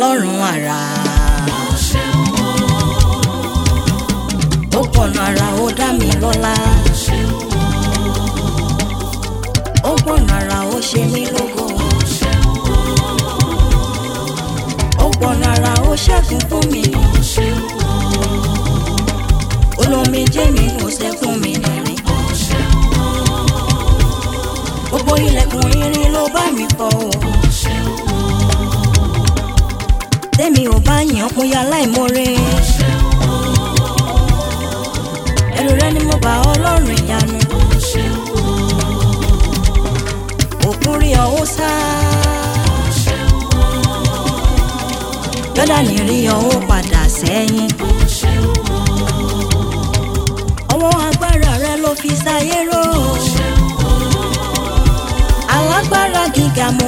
ọlọ́run àrà. ó pọ̀nà ara ó dá mi lọ́lá. ó pọ̀nà ara ó ṣe mí lógo. ó pọ̀nà ara ó ṣẹ́gun fún mi. tẹ́mi ò bá yàn mo yà láìmoore. ẹ̀rù rẹ ni mo bá ọlọ́run ìyanu. òkun rí ọ̀hún sá. jọ́dá ní rí ọ̀hún padà sẹ́yìn. ọwọ́ agbára rẹ ló fi sáyé ró. alágbára gíga mo.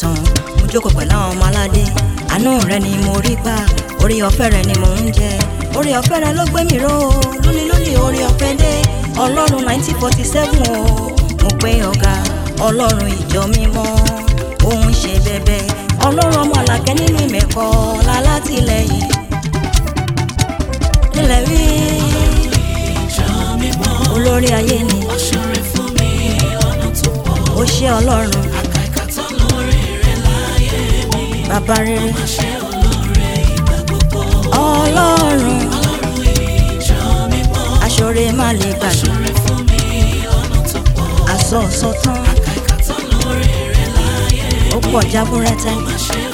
tán mo jókòó pẹ̀lú àwọn ọmọ àánú rẹ ni mo rí gbà orí ọ̀fẹ́ rẹ ni mò ń jẹ orí ọ̀fẹ́ rẹ ló gbé mi ró o orí ọ̀fẹ́ dé ọlọ́run nineteen forty seven o mo pé ọ̀gá ọlọ́run ìjọ mímọ́ òun ṣe bẹ̀bẹ̀ ọlọ́run ọmọ àlàkẹ́ nínú ìmẹ̀kọ́ lálátìlẹ́yìn nílẹ̀ olórí ayé ni ó ṣe ọlọ́run bàbá rere. ọlọ́run aṣọre má lè gbàgbé àsọ̀ọ̀sọ̀ tán ó pọ̀ jábúrẹ́tẹ́.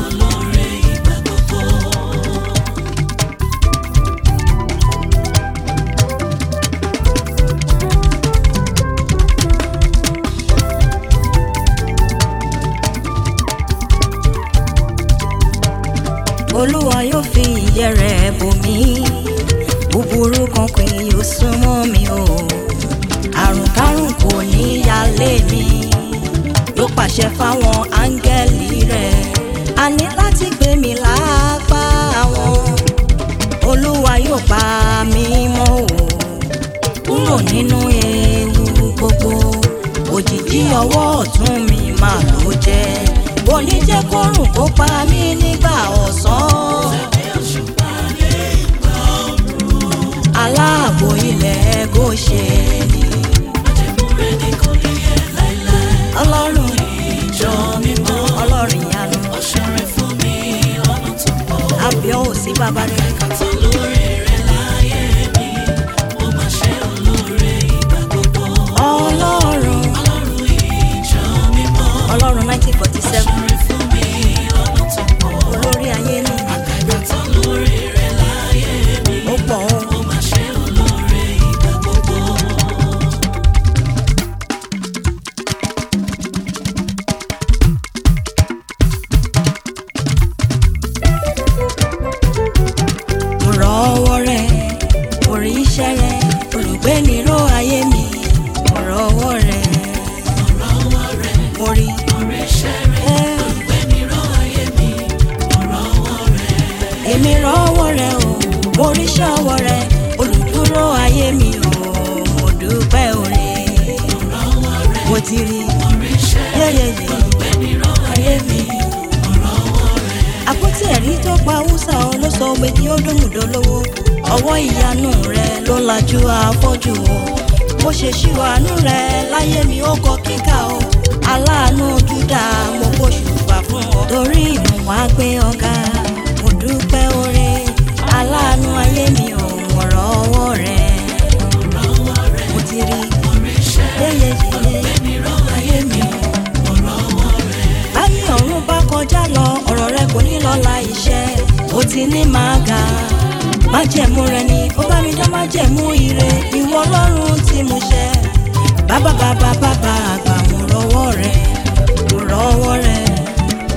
yóò fi ìyẹ́ rẹ̀ bò mí búburú kan pé yóò súnmọ́ mi o àrùnkárùn kò ní yálé mi yóò pàṣẹ fáwọn áńgẹ́lì rẹ̀ a ní láti gbé mi lápá àwọn olúwa yóò pa mí mọ́ o kúrò nínú ewu gbogbo òjìji ọwọ́ ọ̀tún mi máa ló jẹ́ kò ní jẹ́ kórùn kó pa mí nígbà ọ̀sán. Cabaret. bìrì. yẹ́yẹ́ yìí ayé mi. àpótí ẹ̀rí tó pa húsà ọ ló sọ pé kí ó dómùdó lówó ọwọ́ ìyanu rẹ ló lajú afọ́jú o mo ṣe ṣíwàánú rẹ. májẹ̀mú rẹ ni ó bá mi dá májẹ̀mú ire ìwọ ọlọ́run tí mo ṣẹ bàbá bàbá bàbá àgbà mo rọwọ́ rẹ mo rọwọ́ rẹ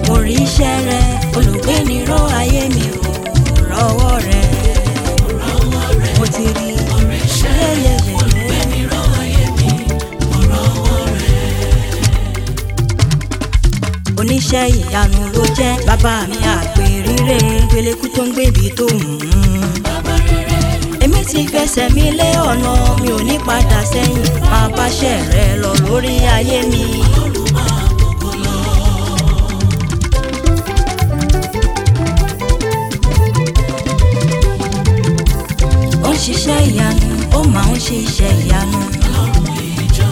mo rí iṣẹ́ rẹ olùgbé níró ayé mi ò rọwọ́ rẹ mo ti rí yẹ́yẹ́yẹ́. oníṣẹ́ ìyanu ló jẹ́ bàbá mi àpèrè rere pélé tó ń gbèbí tó mú un ti fẹsẹ̀ mi lé ọ̀nà mi ò ní padà sẹ́yìn máa báṣẹ́ rẹ lọ lórí ayé mi. ó ń ṣiṣẹ́ ìyanu ó máa ń ṣiṣẹ́ ìyanu. ọlọ́run ìjọ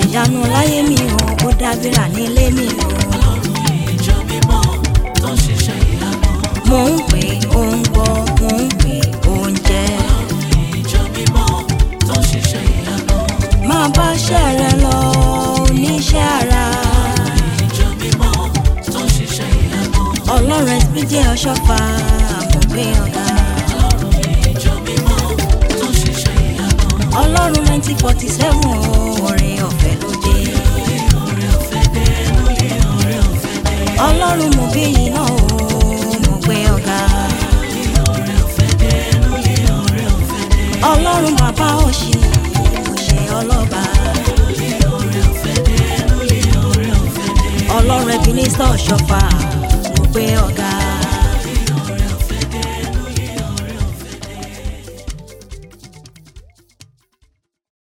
ìyanu. láyé mi o ó dábìrà nílé mi o. ọlọ́run ń pè ṣọ́fà àmọ̀gbé ọ̀gá. ọlọ́run mi ìjọ mímọ́ tó ṣiṣẹ́ ìyàtọ̀. ọlọ́run nineteen forty seven oore ọ̀fẹ́ ló dé. oore ọ̀fẹ́ dé lóye oore ọ̀fẹ́ dé. ọlọ́run mú bí yìí náà o mọ̀gbé ọ̀gá. oore ọ̀fẹ́ dé lóye oore ọ̀fẹ́ dé. ọlọ́run bàbá òṣìlẹ̀ òṣè ọlọ́ba. oore ọ̀fẹ́ ọlọ́run ẹbí ní sọ́ọ̀ṣọ́fà mọ̀gbé ọ̀gá.